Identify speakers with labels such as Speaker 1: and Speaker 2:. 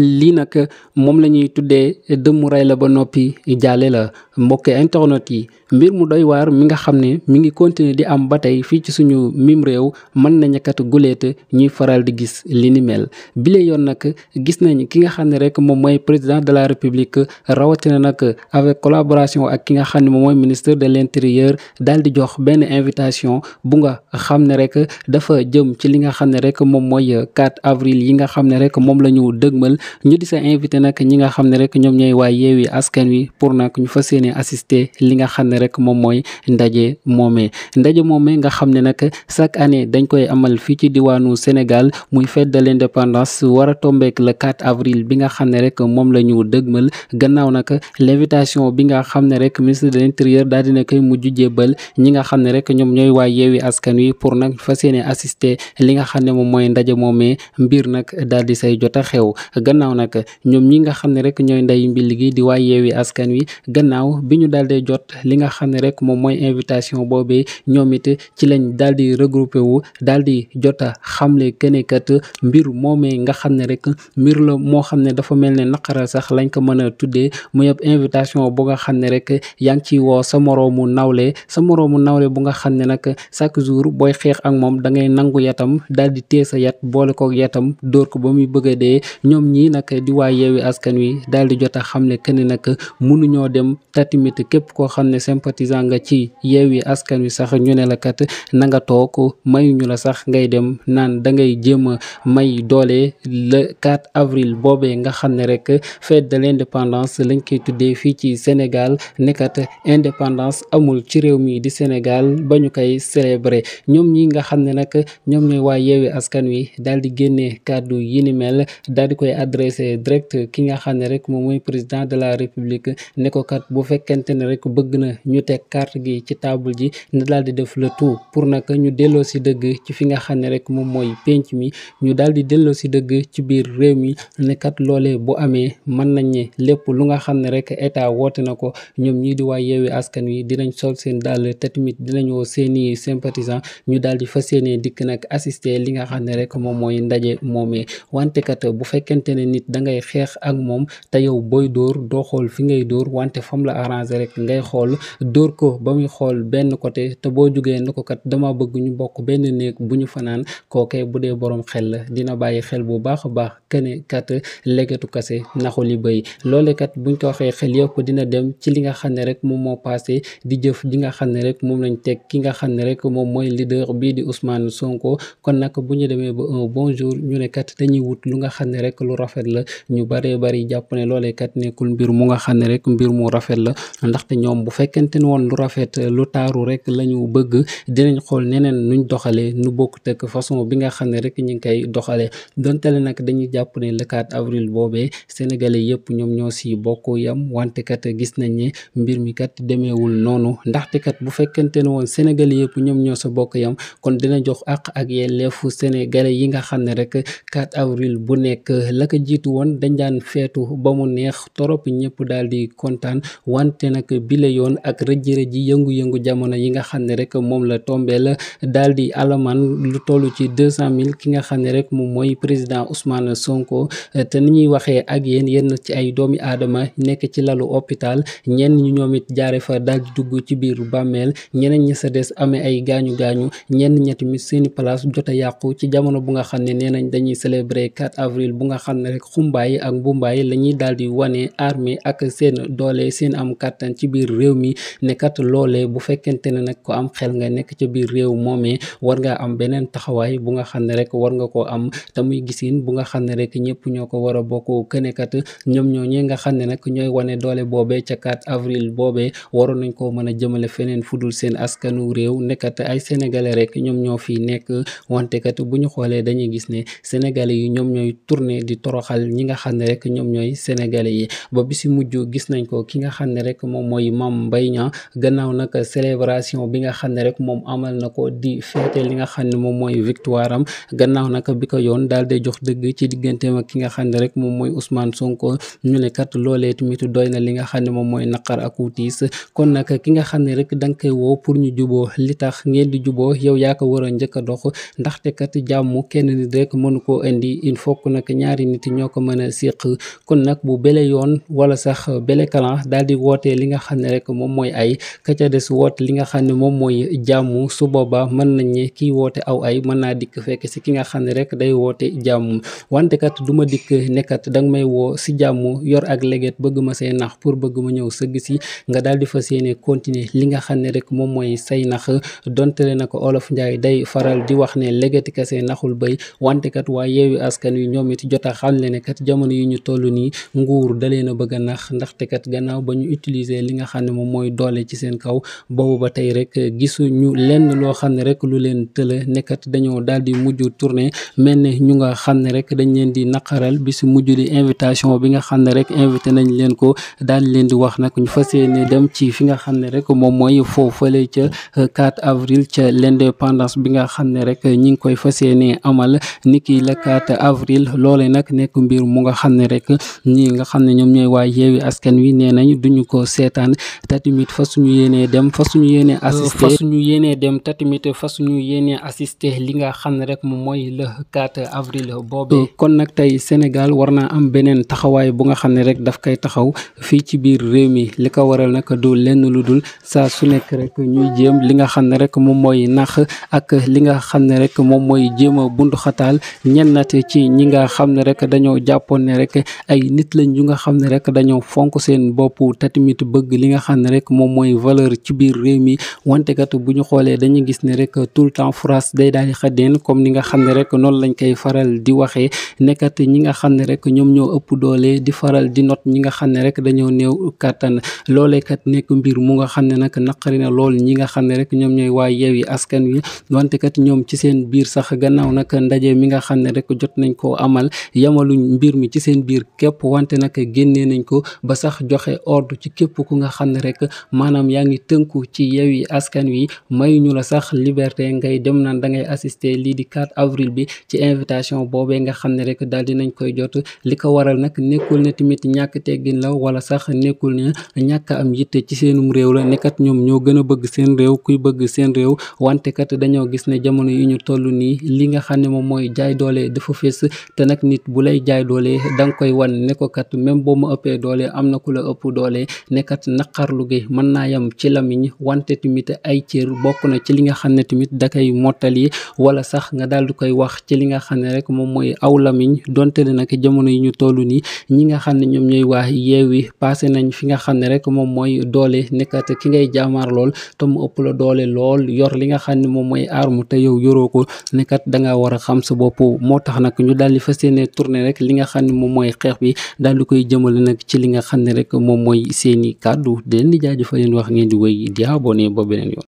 Speaker 1: lii nag moom la ñuy tuddee dëmmu rey la ba noppi jaale la mbokk internet yi mbir mu doy waar mi nga xam ne mi ngi continuer di am ba tey fii ci suñu mim réew mën nañu kat guleet ñuy faral di gis li ni mel. bile yoon nag gis nañ ki nga xam ne rek moom mooy président de la république rawatina nag avec collaboration ak ki nga xam ne moom mooy ministre de l' intérieur daal di jox benn invitation bu nga xam ne rek dafa jëm ci li nga xam ne rek moom mooy quatre avril yi nga xam ne rek moom la ñu dëgmal. ñu di sa invité nag ñi nga xam ne rek ñoom ñooy waa Yewwi Askan Wi pour nag ñu fa yéene assister li nga xam ne rek moom mooy ndaje moomee ndaje moomee nga xam ne nag chaque année dañ koy amal fii ci diwaanu Sénégal muy fête de war a tombeek le 4 avril bi nga xam ne rek moom la ñu dëgmal gannaaw nag l'invitation bi nga xam ne rek ministre de l'intérieur daal koy mujj jébbal ñi nga ne rek ñoom ñooy waa Yewwi Askan Wi pour nag fas yéene assister li nga xam ne moom mooy ndaje moomee mbir nag daal di say jota xew gannaaw ñoom ñi nga xam ne rek ñooy nday mbi liggéey di waay yeewi askan wi gannaaw bi ñu daal jot li nga xam ne rek moom mooy invitation boobee ñoom it ci lañ daal di regroupé wu daal di jot a xamle kenekat mbir moomee nga xam ne rek mbir moo xam ne dafa mel ne naqara sax lañ ko mën a tuddee mu yëpp invitation bu nga xam ne rek yaa ngi ciy woo sa moroomu nawle sa moroomu nawle bu nga xam ne nag chaque jour booy xeex ak moom da ngay nangu yatam daal di yat boole koog yatam dóor ko ba muy bëgg dee ñoom ñi ñii nag di waa yeewi askan wi daal di jot xam ne que ni nag mënuñoo dem te képp koo xam ne sympathisant nga ci yeewi askan wi sax ñu ne la kat na nga toog mayuñu la sax ngay dem naan da ngay jéem a may doole la 4 avril boobee nga xam ne rek fête de l'indépendance lañ koy tuddee fii ci Sénégal nekkat indépendance amul ci réew mi di Sénégal ba ñu koy célébrer ñoom ñi nga xam ne nag ñoom ñooy waa yeewi askan wi daal di kàddu yi ni mel daal koy adressé direct ki nga xam ne rek moom mooy président de la république ne ko kat bu fekkente ne rek bëgg na ñu teg carte gi ci table ji na daal di def le tout pour nag ñu delloo si dëgg ci fi nga xam ne rek moom mooy penc mi ñu daal di delloo si dëgg ci biir réew mi ne loole bu amee mën nañ ne lépp lu nga xam ne rek état woote na ko ñoom ñii di waa yeewi askan wi dinañ sol seen dàll te tamit dinañoo seeni sympathisant ñu daal di fas yéene dikk nag assister li nga xam ne rek moom mooy ndaje moomee wante bu fekkente ne nit dangay xeex ak moom te yow booy dóor doo xool fi ngay dóor wante fam la arrangé rek ngay xool dóor ko ba muy xool benn côté te boo jugee na ko kat dama bëgg ñu bokk benn néeg bu ñu fanaan kookee bu dee boroom xel la dina bàyyi xel bu baax a baax kene kat legetu kase naxu li bëy loole kat buñ ko waxee xel ko dina dem ci li nga xam ne rek moom moo passé di jëf ji nga xam ne rek moom lañ teg ki nga xam ne rek moom mooy leader bii di Ousmane Sonko kon nag bu demee ba ñu ne kat dañuy wut lu nga xam ne rafet la ñu baree bari jàpp ne loolee kat nekkul mbir mu nga ne rek mbir mu rafet ndaxte lu rafet lu taaru rek lañu bëgg dinañ xool neneen doxalee nu bokk tëkk façon bi nga xam ne rek ñu ngi koy doxalee dontale nag dañuy jàpp ne le 4 avril boobee sénégalais yëpp ñoom ñoo si bokk yam wante kat gis nañ ne mbir mi kat demeewul noonu ndaxte kat bu fekkente ne woon sénégalais yëpp ñoom ñoo sa bokk yam kon dina jox àq ak yelleefu sénégalais yi nga xam ne rek 4 avril bu nekk la jiitu woon dañ daan feetu ba mu neex torop ñëpp daal di kontaan wante nag bile yoon ak rëjërëji yëngu-yëngu jamono yi nga xam ne rek moom la tombeel daal di alamaan lu toll ci deux cent mille ki nga xam ne rek moom mooy président Ousmane Sonko te ni ñuy waxee ak yéen yenn ci ay doomi aadama nekk ci lalu hôpital ñenn ñu ñoom it jaare fa daal di dugg ci biir bàmmeel ñeneen ñi sa des amee ay gaañu gaañu ñenn ñetti seeni place jot a yàqu ci jamono bu nga xam ne nee dañuy célébrer ne rek xumbaay ak mbumbaay la ñuy daal di wane armée ak seen doole seen am kàttan ci biir réew mi ne kat loole bu fekkente ne nag ko am xel nga nekk ca biir réew moomee war nga am beneen taxawaay bu nga xam ne rek war nga koo am te muy gisin bu nga xam ne rek ñëpp ñoo ko war a bokk kënekat ñoom ñoo ñi nga xam ne nag ñooy wane doole boobee ca 4 avril boobee waroon nañ koo mën a jëmale feneen fudul seen askanu réew nekkat ay sénégalais rek ñoom ñoo fi nekk wante bu ñu xoolee dañuy gis ne sénégalais yi ñoom ñooy tourner di toroxal ñi nga xam ne rek ñoom ñooy sénégalais yi ba bisi mujj gis nañ ko ki nga xam ne rek moom mooy Mame Mbaye Niang gannaaw nag bi nga xam ne rek moom amal na ko di féete li nga xam ne moom mooy victoire am gannaaw nag bi ko yoon daal di jox dëgg ci digganteem ak ki nga xam ne rek moom mooy Ousmane Sonko ñu ne kat loolee tamit doy na li nga xam ne moom mooy naqar ak tiis kon nag ki nga xam ne rek da kay koy woo pour ñu juboo li tax ngeen di juboo yow yaa ko war a a dox ndaxte kat jàmm kenn nit rek mënu koo indi il faut que ñaari nit nit ñoo ko mën a kon nag bu bele yoon wala sax bele kalan daal di wootee li nga xam ne rek moom mooy ay ka ca des woote li nga xam ne moom mooy jàmm su booba mën nañ ne kiy woote aw ay mën naa dikk fekk si ki nga xam ne rek day woote jàmm wantekat kat du ma dikk nekkat danga may woo si jàmm yor ak leget bëgg ma say nax pour bëgg ma ñëw sëgg si nga daal di fa yéene continuer li nga xam ne rek moom mooy say nax donte na ko olof njaay day faral di wax ne legeti kase naxul bay wante waa yeewi askan wi ñoom jota xam xamle ne kat jamono yi ñu toll nii nguur da leen a nax ndaxte kat gannaaw ba ñu utiliser li nga xam ne moom mooy doole ci seen kaw boobu ba tey rek gisuñu lenn loo xam ne rek lu leen tëla nekkat dañoo daal di mujj tourné mel ne ñu nga xam ne rek dañ leen di naqaral bi si mujj di invitation bi nga xam ne rek invité nañ leen ko daal leen di wax nag ñu fas yéene dem ci fi nga xam ne rek moom mooy foofale ca 4 euh, avril ca l'indépendance bi nga xam ne rek ñi ngi koy fas yéene amal niki la 4 avril loole nag nekk xam ne rek nga xam ne ñoom ñooy waa yeewi askan wi nee nañ duñu ko seetaan te tamit fa suñu yéenee dem fa suñu yéenee euh, assister fa suñu yéenee dem te tamit fa suñu yéenee assister li nga xam ne rek moom mooy le 4 avril boobee euh, kon nag tey senegal war naa am beneen taxawaay bu nga xam ne rek daf koy taxaw fii ci biir réew mi li ko waral nag du lenn lu dul saa su nekk rek ñuy jéem li nga xam ne rek moom mooy nax ak li nga xam ne rek moom mooy jéem a bundu xataal ñennate ci ñi nga xam ne rek dañoo jàppoon ne rek ay nit lañ yu nga xam ne rek dañoo fonk seen bopp te tamit bëgg li nga xam ne rek moom mooy valeur ci biir réew mi wante kat bu ñu xoolee dañuy gis ne rek tout le temps France day daal di xaddeen comme ni nga xam ne rek noonu lañ koy faral di waxee nekkat ñi nga xam ne rek ñoom ñoo ëpp doole di faral di not ñi nga xam ne rek dañoo néew kàttan loolee kat nekk mbir mu nga xam ne nag naqari na lool ñi nga xam ne rek ñoom ñooy waa yi Askan Wi wante kat ñoom ci seen biir sax gannaaw nag ndaje mi nga xam ne rek jot nañ koo amal yamal yemaluñ mbir mi ci seen biir képp wante nag génnee nañ ko ba sax joxe ordre ci képp ku nga xam ne rek maanaam yaa ngi tënku ci Yewwi Askan Wi mayuñu la sax liberté ngay dem naan da ngay assister lii di 4 avril bi ci invitation boobee nga xam ne rek daal nañ koy jot li ko waral nag nekkul ne tamit ñàkk teggin la wala sax nekkul ne ñàkk am yitte ci seenum réew la nekkat ñoom ñoo gën a bëgg seen réew kuy bëgg seen réew wante kat dañoo gis ne jamono yu ñu toll nii li nga xam ne moom lay jaay doole da nga koy wan ne ko kat même boo ma ëppee doole am na ku la ëpp doole nekkat naqarlu gi mën naa yam ci lamiñ wante tamit ay cër bokk na ci li nga xam ne tamit da koy mottali wala sax nga daal di koy wax ci li nga xam ne rek moom mooy aw lamiñ donte ne nag jamono yi ñu toll nii ñi nga xam ne ñoom ñooy waa yeewi passé nañ fi nga xam ne rek moom mooy doole nekkat ki ngay jaamaar lool te mu ëpp la doole lool yor li nga xam ne moom mooy arme te yow yoroo ko nekkat da nga xam sa bopp moo tax nag ñu daal di fas yéene tourné ne rek li nga xam ne moom mooy xeex bi daal di koy jëmal nag ci li nga xam ne rek moom mooy seeni kàddu di leen di jaajëfal leen wax ngeen di wéy di abonné ba beneen yoon